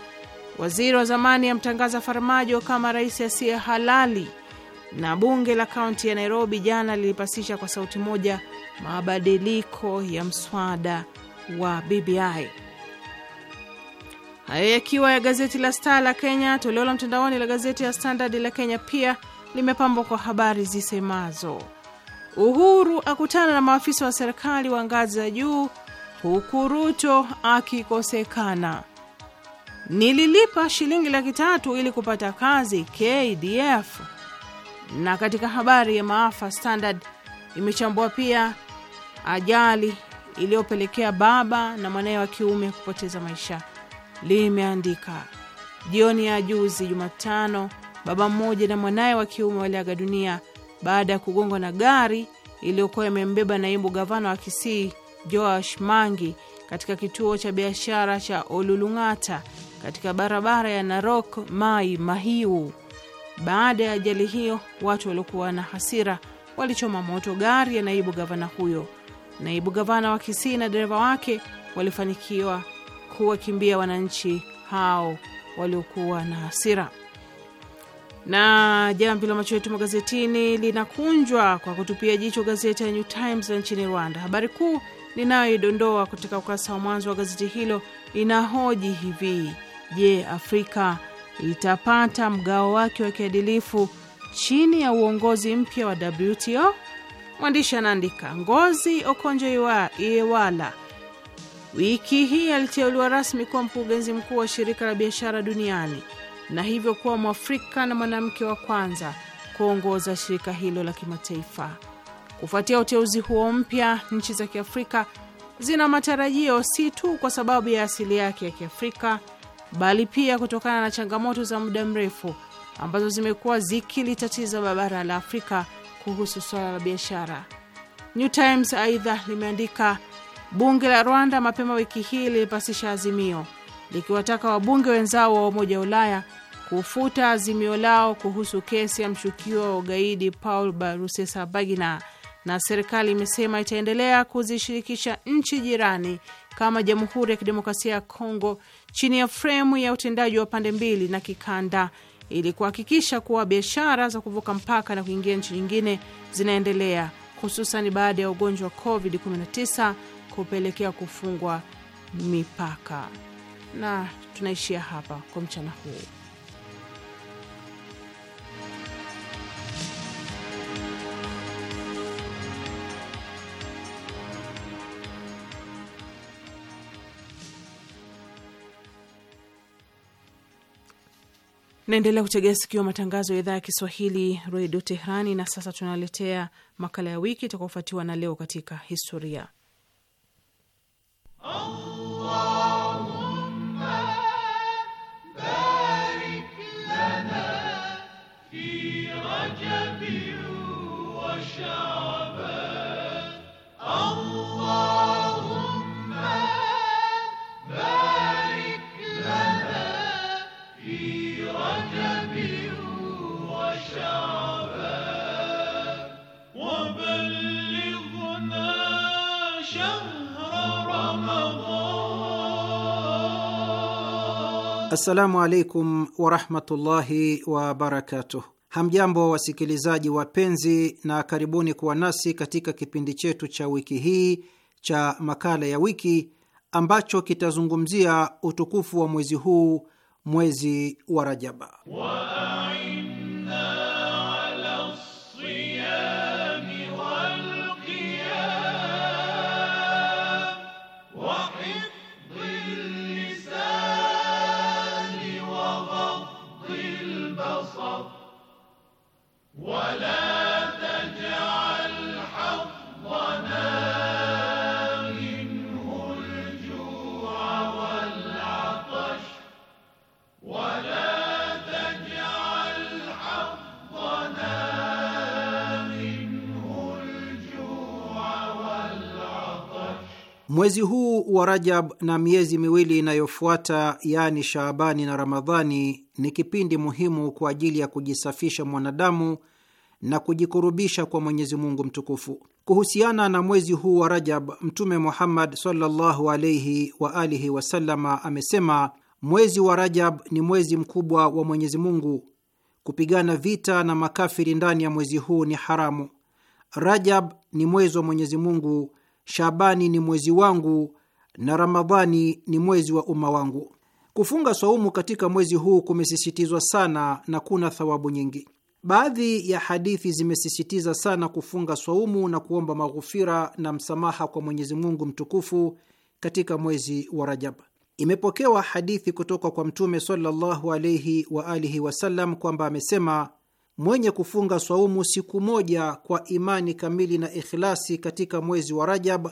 Waziri wa zamani amtangaza Farmajo kama rais asiye halali, na bunge la kaunti ya Nairobi jana lilipasisha kwa sauti moja mabadiliko ya mswada wa BBI. Hayo yakiwa ya gazeti la Star la Kenya. Toleo la mtandaoni la gazeti ya Standard la Kenya pia limepambwa kwa habari zisemazo: Uhuru akutana na maafisa wa serikali wa ngazi za juu huku Ruto akikosekana. Nililipa shilingi laki tatu ili kupata kazi KDF. Na katika habari ya maafa, Standard imechambua pia ajali iliyopelekea baba na mwanaye wa kiume kupoteza maisha. Limeandika jioni ya juzi Jumatano, baba mmoja na mwanaye wa kiume waliaga dunia baada ya kugongwa na gari iliyokuwa imembeba naibu gavana wa Kisii Joash Mangi katika kituo cha biashara cha Olulung'ata katika barabara ya Narok Mai Mahiu. Baada ya ajali hiyo, watu waliokuwa na hasira walichoma moto gari ya naibu gavana huyo. Naibu gavana wa Kisii na dereva wake walifanikiwa kuwakimbia wananchi hao waliokuwa na hasira. Na jambo la macho yetu magazetini linakunjwa kwa kutupia jicho gazeti ya New Times nchini Rwanda. Habari kuu linayoidondoa katika ukurasa wa mwanzo wa gazeti hilo inahoji hivi: Je, Afrika itapata mgao wake wa kiadilifu chini ya uongozi mpya wa WTO? Mwandishi anaandika, Ngozi Okonjo Iweala wiki hii aliteuliwa rasmi kuwa mkurugenzi mkuu wa shirika la biashara duniani na hivyo kuwa mwafrika na mwanamke wa kwanza kuongoza shirika hilo la kimataifa. Kufuatia uteuzi huo mpya, nchi za Kiafrika zina matarajio si tu kwa sababu ya asili yake ya Kiafrika, bali pia kutokana na changamoto za muda mrefu ambazo zimekuwa zikilitatiza bara la Afrika kuhusu swala la biashara. New Times aidha limeandika bunge la Rwanda mapema wiki hii lilipasisha azimio likiwataka wabunge wenzao wa Umoja wa Ulaya kufuta azimio lao kuhusu kesi ya mshukiwa wa ugaidi Paul Barusesabagina na serikali imesema itaendelea kuzishirikisha nchi jirani kama Jamhuri ya Kidemokrasia ya Kongo chini ya fremu ya utendaji wa pande mbili na kikanda ili kuhakikisha kuwa biashara za kuvuka mpaka na kuingia nchi nyingine zinaendelea, hususan baada ya ugonjwa wa COVID-19 kupelekea kufungwa mipaka. Na tunaishia hapa kwa mchana huu. Naendelea kutegea sikio matangazo ya idhaa ya Kiswahili redio Tehrani. Na sasa tunaletea makala ya wiki itakaofuatiwa na leo katika historia oh. Assalamu alaikum warahmatullahi wabarakatuh. Hamjambo wasikilizaji wapenzi, na karibuni kuwa nasi katika kipindi chetu cha wiki hii cha makala ya wiki ambacho kitazungumzia utukufu wa mwezi huu, mwezi wa Rajaba wa Mwezi huu wa Rajab na miezi miwili inayofuata, yaani Shaabani na Ramadhani, ni kipindi muhimu kwa ajili ya kujisafisha mwanadamu na kujikurubisha kwa Mwenyezi Mungu Mtukufu. Kuhusiana na mwezi huu wa Rajab, Mtume Muhammad sallallahu alaihi wa alihi wasallama amesema, mwezi wa Rajab ni mwezi mkubwa wa Mwenyezi Mungu. Kupigana vita na makafiri ndani ya mwezi huu ni haramu. Rajab ni mwezi wa Mwenyezi Mungu Shabani ni mwezi wangu na Ramadhani ni mwezi wa umma wangu. Kufunga saumu katika mwezi huu kumesisitizwa sana na kuna thawabu nyingi. Baadhi ya hadithi zimesisitiza sana kufunga saumu na kuomba maghufira na msamaha kwa Mwenyezi Mungu mtukufu katika mwezi wa Rajab. Imepokewa hadithi kutoka kwa Mtume sallallahu alaihi wa alihi wasallam kwamba amesema mwenye kufunga swaumu siku moja kwa imani kamili na ikhlasi katika mwezi wa Rajab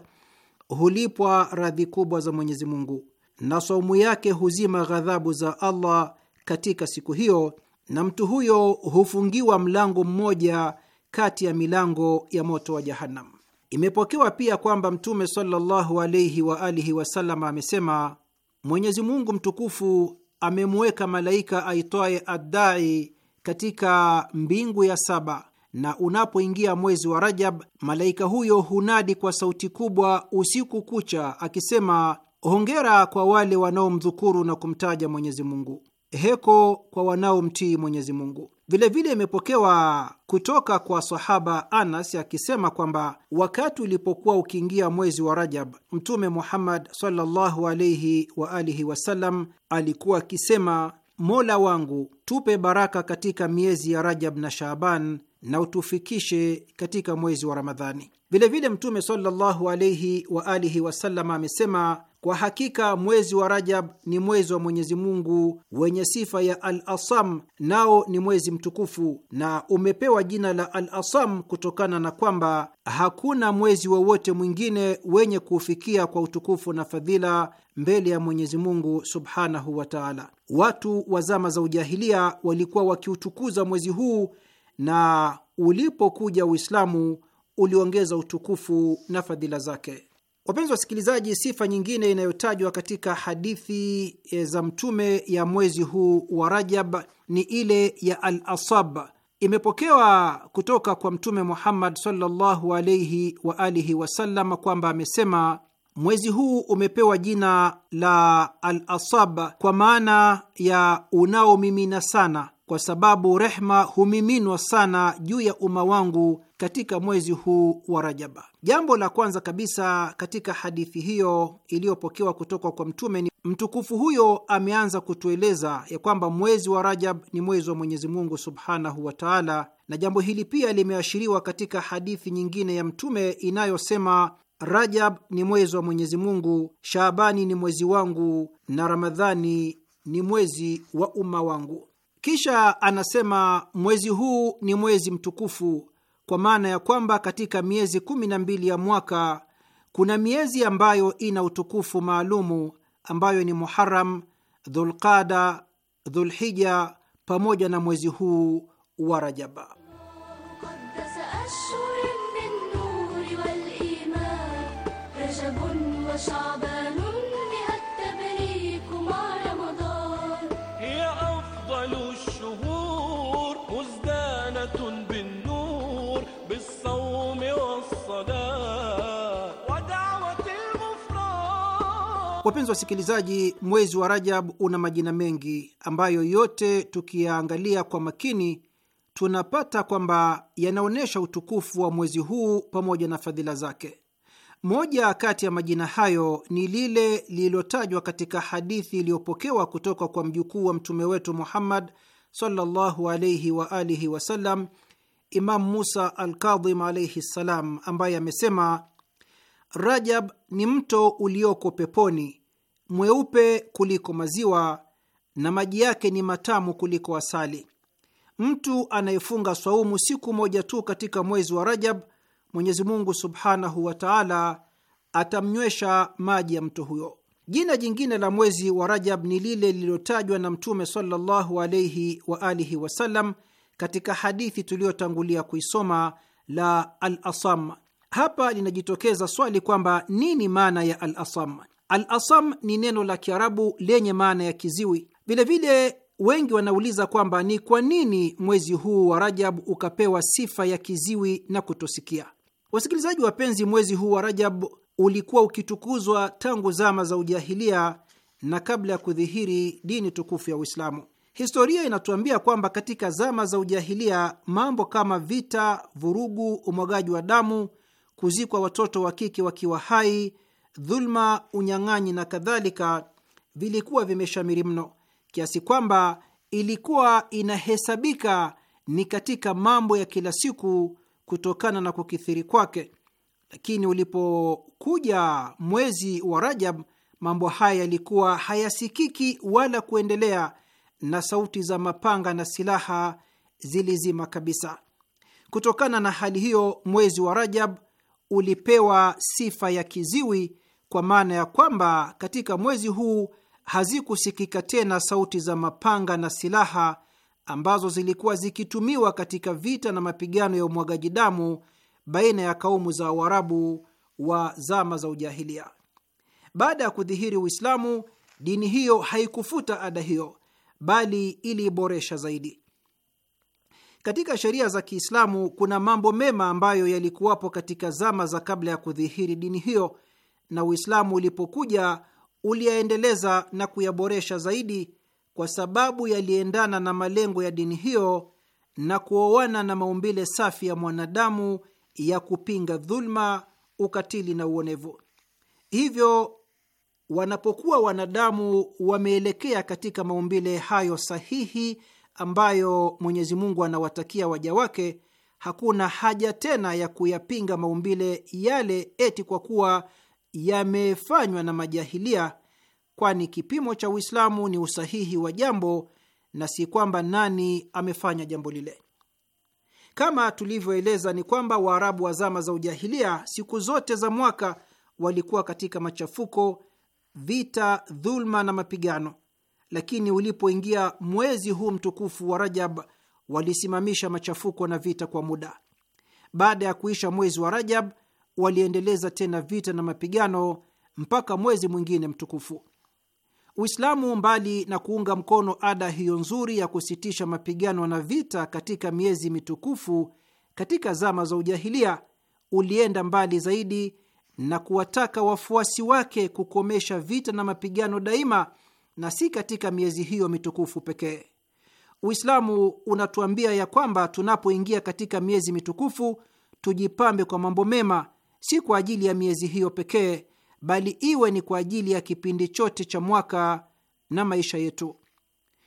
hulipwa radhi kubwa za Mwenyezi Mungu, na saumu yake huzima ghadhabu za Allah katika siku hiyo, na mtu huyo hufungiwa mlango mmoja kati ya milango ya moto wa Jahannam. Imepokewa pia kwamba Mtume sallallahu alaihi wa alihi wasallam amesema, Mwenyezi Mungu mtukufu amemweka malaika aitwaye Addai katika mbingu ya saba, na unapoingia mwezi wa Rajab, malaika huyo hunadi kwa sauti kubwa usiku kucha akisema, hongera kwa wale wanaomdhukuru na kumtaja Mwenyezi Mungu, heko kwa wanaomtii Mwenyezi Mungu. Vilevile imepokewa kutoka kwa sahaba Anas akisema kwamba wakati ulipokuwa ukiingia mwezi wa Rajab, Mtume Muhammad sallallahu alaihi waalihi wasallam alikuwa akisema Mola wangu, tupe baraka katika miezi ya Rajab na Shaaban na utufikishe katika mwezi wa Ramadhani. Vilevile Mtume sallallahu alaihi waalihi wasallam amesema kwa hakika mwezi wa Rajab ni mwezi wa Mwenyezi Mungu wenye sifa ya Al-Asam, nao ni mwezi mtukufu na umepewa jina la Al-Asam kutokana na kwamba hakuna mwezi wowote mwingine wenye kuufikia kwa utukufu na fadhila mbele ya Mwenyezi Mungu subhanahu wa taala. Watu wa zama za ujahilia walikuwa wakiutukuza mwezi huu na ulipokuja Uislamu uliongeza utukufu na fadhila zake. Wapenzi wasikilizaji, sifa nyingine inayotajwa katika hadithi eh, za Mtume ya mwezi huu wa Rajab ni ile ya al-asab. Imepokewa kutoka kwa Mtume Muhammad sallallahu alaihi wa alihi wasallam kwamba amesema, mwezi huu umepewa jina la al-asab kwa maana ya unaomimina sana, kwa sababu rehma humiminwa sana juu ya umma wangu katika mwezi huu wa Rajaba. Jambo la kwanza kabisa katika hadithi hiyo iliyopokewa kutoka kwa Mtume ni mtukufu huyo ameanza kutueleza ya kwamba mwezi wa Rajab ni mwezi wa Mwenyezi Mungu subhanahu wa taala, na jambo hili pia limeashiriwa katika hadithi nyingine ya Mtume inayosema Rajab ni mwezi wa Mwenyezi Mungu, Shaabani ni mwezi wangu na Ramadhani ni mwezi wa umma wangu. Kisha anasema mwezi huu ni mwezi mtukufu kwa maana ya kwamba katika miezi kumi na mbili ya mwaka kuna miezi ambayo ina utukufu maalumu ambayo ni Muharam, Dhulqada, Dhulhija pamoja na mwezi huu wa Rajaba. Wapenzi wasikilizaji, mwezi wa Rajab una majina mengi ambayo yote tukiyaangalia kwa makini tunapata kwamba yanaonyesha utukufu wa mwezi huu pamoja na fadhila zake. Moja kati ya majina hayo ni lile lililotajwa katika hadithi iliyopokewa kutoka kwa mjukuu wa mtume wetu Muhammad sallallahu alayhi wa alihi wasallam, Imamu Musa Alkadhim alaihi ssalam, ambaye amesema Rajab ni mto ulioko peponi, mweupe kuliko maziwa na maji yake ni matamu kuliko asali. Mtu anayefunga swaumu siku moja tu katika mwezi wa Rajab, Mwenyezi Mungu subhanahu wa taala atamnywesha maji ya mto huyo. Jina jingine la mwezi wa Rajab ni lile lililotajwa na Mtume sallallahu alaihi wa alihi wasallam katika hadithi tuliyotangulia kuisoma la Al Asam, hapa linajitokeza swali kwamba nini maana ya al-asam? Al-asam ni neno la Kiarabu lenye maana ya kiziwi. Vilevile wengi wanauliza kwamba ni kwa nini mwezi huu wa Rajab ukapewa sifa ya kiziwi na kutosikia. Wasikilizaji wapenzi, mwezi huu wa Rajab ulikuwa ukitukuzwa tangu zama za ujahilia na kabla ya kudhihiri dini tukufu ya Uislamu. Historia inatuambia kwamba katika zama za ujahilia mambo kama vita, vurugu, umwagaji wa damu kuzikwa watoto wa kike wakiwa hai, dhulma, unyang'anyi na kadhalika, vilikuwa vimeshamiri mno kiasi kwamba ilikuwa inahesabika ni katika mambo ya kila siku kutokana na kukithiri kwake. Lakini ulipokuja mwezi wa Rajab, mambo haya yalikuwa hayasikiki wala kuendelea, na sauti za mapanga na silaha zilizima kabisa. Kutokana na hali hiyo, mwezi wa Rajab ulipewa sifa ya kiziwi, kwa maana ya kwamba katika mwezi huu hazikusikika tena sauti za mapanga na silaha ambazo zilikuwa zikitumiwa katika vita na mapigano ya umwagaji damu baina ya kaumu za Waarabu wa zama za ujahilia. Baada ya kudhihiri Uislamu, dini hiyo haikufuta ada hiyo, bali iliiboresha zaidi. Katika sheria za Kiislamu kuna mambo mema ambayo yalikuwapo katika zama za kabla ya kudhihiri dini hiyo, na Uislamu ulipokuja uliyaendeleza na kuyaboresha zaidi, kwa sababu yaliendana na malengo ya dini hiyo na kuoana na maumbile safi ya mwanadamu ya kupinga dhulma, ukatili na uonevu. Hivyo wanapokuwa wanadamu wameelekea katika maumbile hayo sahihi ambayo Mwenyezi Mungu anawatakia waja wake, hakuna haja tena ya kuyapinga maumbile yale eti kwa kuwa yamefanywa na majahilia, kwani kipimo cha Uislamu ni usahihi wa jambo na si kwamba nani amefanya jambo lile. Kama tulivyoeleza, ni kwamba Waarabu wa zama za ujahilia siku zote za mwaka walikuwa katika machafuko, vita, dhulma na mapigano lakini ulipoingia mwezi huu mtukufu wa Rajab walisimamisha machafuko na vita kwa muda. Baada ya kuisha mwezi wa Rajab waliendeleza tena vita na mapigano mpaka mwezi mwingine mtukufu. Uislamu mbali na kuunga mkono ada hiyo nzuri ya kusitisha mapigano na vita katika miezi mitukufu katika zama za ujahilia, ulienda mbali zaidi na kuwataka wafuasi wake kukomesha vita na mapigano daima na si katika miezi hiyo mitukufu pekee. Uislamu unatuambia ya kwamba tunapoingia katika miezi mitukufu tujipambe kwa mambo mema, si kwa ajili ya miezi hiyo pekee, bali iwe ni kwa ajili ya kipindi chote cha mwaka na maisha yetu.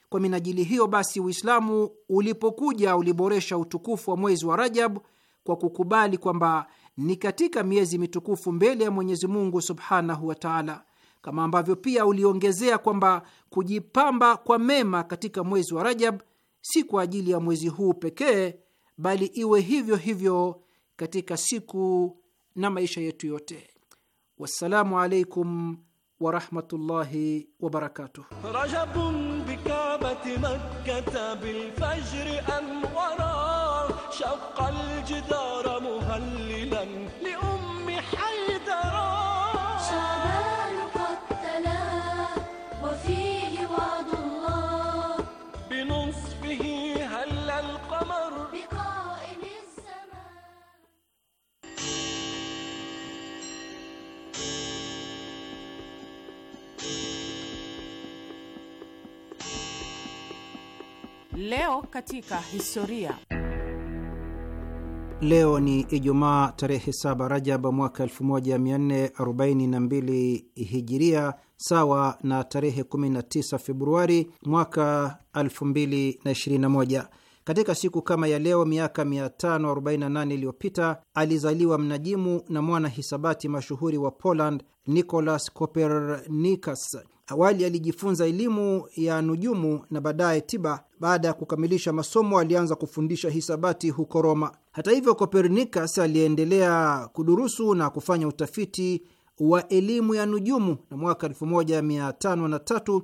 Kwa minajili hiyo basi, Uislamu ulipokuja uliboresha utukufu wa mwezi wa Rajab kwa kukubali kwamba ni katika miezi mitukufu mbele ya Mwenyezi Mungu subhanahu wa taala kama ambavyo pia uliongezea kwamba kujipamba kwa mema katika mwezi wa Rajab si kwa ajili ya mwezi huu pekee, bali iwe hivyo hivyo katika siku na maisha yetu yote. Wassalamu alaikum warahmatullahi wabarakatuh. Leo katika historia. Leo ni Ijumaa tarehe 7 Rajab mwaka 1442 Hijiria, sawa na tarehe 19 Februari mwaka 2021. Katika siku kama ya leo miaka 548 iliyopita alizaliwa mnajimu na mwana hisabati mashuhuri wa Poland Nicolas Copernicus. Awali alijifunza elimu ya nujumu na baadaye tiba. Baada ya kukamilisha masomo, alianza kufundisha hisabati huko Roma. Hata hivyo, copernicus aliendelea kudurusu na kufanya utafiti wa elimu ya nujumu, na mwaka 1503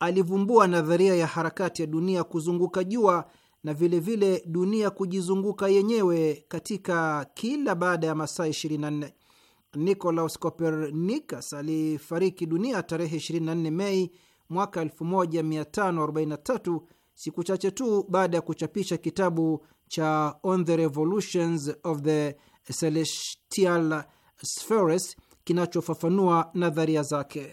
alivumbua nadharia ya harakati ya dunia kuzunguka jua na vilevile vile dunia kujizunguka yenyewe katika kila baada ya masaa 24. Nicolaus Copernicus alifariki dunia tarehe 24 Mei mwaka 1543, siku chache tu baada ya kuchapisha kitabu cha On the Revolutions of the Celestial Spheres kinachofafanua nadharia zake.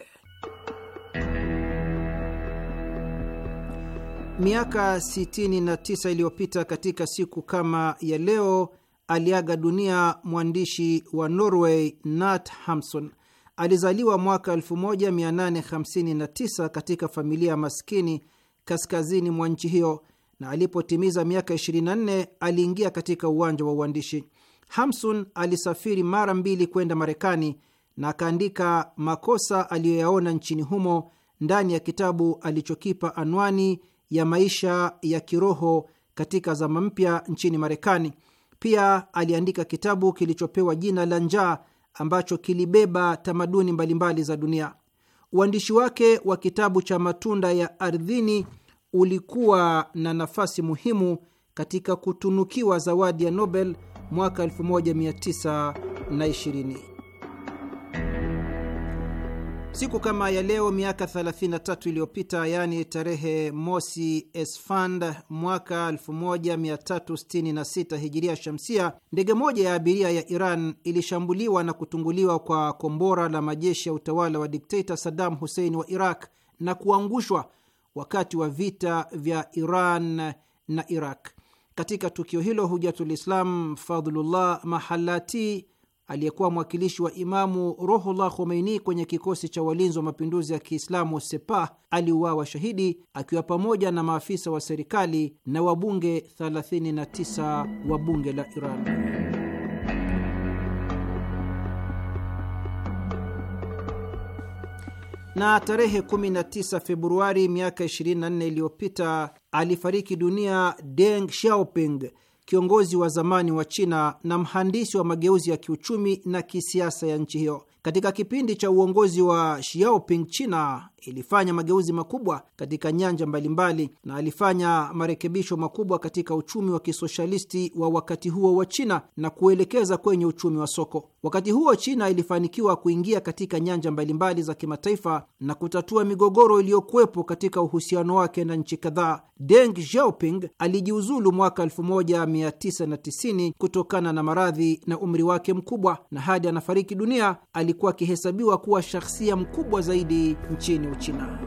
Miaka 69 iliyopita katika siku kama ya leo aliaga dunia mwandishi wa Norway Nat hamson Alizaliwa mwaka 1859 katika familia ya maskini kaskazini mwa nchi hiyo, na alipotimiza miaka 24 aliingia katika uwanja wa uandishi. hamson alisafiri mara mbili kwenda Marekani na akaandika makosa aliyoyaona nchini humo ndani ya kitabu alichokipa anwani ya maisha ya kiroho katika zama mpya nchini Marekani pia aliandika kitabu kilichopewa jina la Njaa ambacho kilibeba tamaduni mbalimbali za dunia. Uandishi wake wa kitabu cha Matunda ya Ardhini ulikuwa na nafasi muhimu katika kutunukiwa zawadi ya Nobel mwaka 1920. Siku kama ya leo miaka 33 iliyopita, yaani tarehe mosi Esfand mwaka 1366 hijiria shamsia, ndege moja ya abiria ya Iran ilishambuliwa na kutunguliwa kwa kombora la majeshi ya utawala wa dikteta Saddam Hussein wa Iraq na kuangushwa wakati wa vita vya Iran na Iraq. Katika tukio hilo Hujatul Islam Fadhlullah Mahalati aliyekuwa mwakilishi wa Imamu Ruhullah Khomeini kwenye kikosi cha walinzi wa mapinduzi ya Kiislamu Sepah aliuawa shahidi akiwa pamoja na maafisa wa serikali na wabunge 39 wa bunge la Iran. na tarehe 19 Februari miaka 24 iliyopita alifariki dunia Deng Xiaoping, kiongozi wa zamani wa China na mhandisi wa mageuzi ya kiuchumi na kisiasa ya nchi hiyo katika kipindi cha uongozi wa Xiaoping China ilifanya mageuzi makubwa katika nyanja mbalimbali na alifanya marekebisho makubwa katika uchumi wa kisoshalisti wa wakati huo wa China na kuelekeza kwenye uchumi wa soko. Wakati huo China ilifanikiwa kuingia katika nyanja mbalimbali za kimataifa na kutatua migogoro iliyokuwepo katika uhusiano wake na nchi kadhaa. Deng Xiaoping alijiuzulu mwaka 1990 kutokana na maradhi na umri wake mkubwa, na hadi anafariki dunia ali alikuwa akihesabiwa kuwa shahsia mkubwa zaidi nchini Uchina.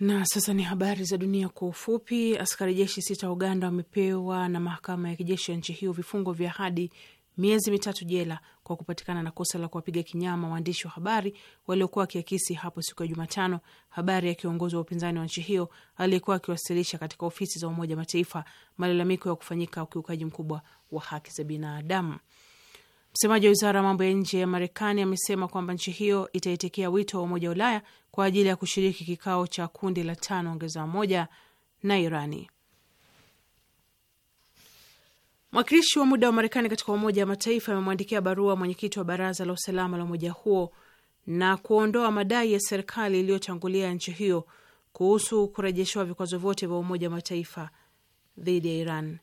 Na sasa ni habari za dunia kwa ufupi. Askari jeshi sita wa Uganda wamepewa na mahakama ya kijeshi ya nchi hiyo vifungo vya hadi miezi mitatu jela kwa kupatikana na kosa la kuwapiga kinyama waandishi wa habari waliokuwa wakiakisi hapo siku ya Jumatano habari ya kiongozi wa upinzani wa nchi hiyo aliyekuwa akiwasilisha katika ofisi za Umoja Mataifa malalamiko ya kufanyika ukiukaji mkubwa wa haki za binadamu. Msemaji wa wizara ya mambo ya nje ya Marekani amesema kwamba nchi hiyo itaitikia wito wa Umoja wa Ulaya kwa ajili ya kushiriki kikao cha kundi la tano ongeza moja na Irani. Mwakilishi wa muda wa Marekani katika Umoja wa Mataifa amemwandikia barua mwenyekiti wa Baraza la Usalama la umoja huo na kuondoa madai ya serikali iliyotangulia nchi hiyo kuhusu kurejeshewa vikwazo vyote vya Umoja wa Mataifa dhidi ya Iran.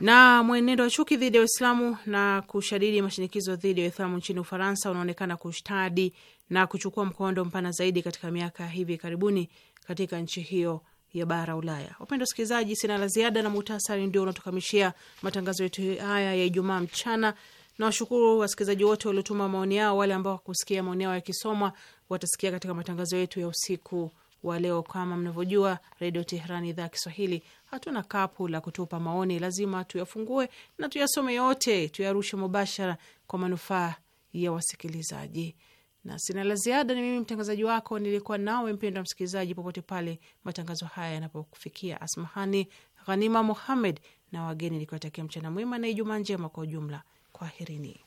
Na mwenendo wa chuki dhidi ya Waislamu na kushadidi mashinikizo dhidi ya Waislamu nchini Ufaransa unaonekana kushtadi na kuchukua mkondo mpana zaidi katika miaka hivi karibuni katika nchi hiyo ya bara Ulaya. Wapendwa wasikilizaji, sina la ziada na muhtasari ndio unatukamishia matangazo yetu haya ya Ijumaa mchana. Nawashukuru wasikilizaji wote waliotuma maoni yao. Wale ambao wakusikia maoni yao yakisomwa watasikia katika matangazo yetu ya usiku wa leo. Kama mnavyojua, Redio Teherani idhaa ya Kiswahili hatuna kapu la kutupa maoni, lazima tuyafungue na tuyasome yote, tuyarushe mubashara kwa manufaa ya wasikilizaji na sina la ziada. Ni mimi mtangazaji wako nilikuwa nawe wa msikilizaji, popote pale matangazo haya yanapokufikia, Asmahani Ghanima Muhammed na wageni nikiwatakia mchana mwema na Ijumaa njema kwa ujumla. Kwaherini.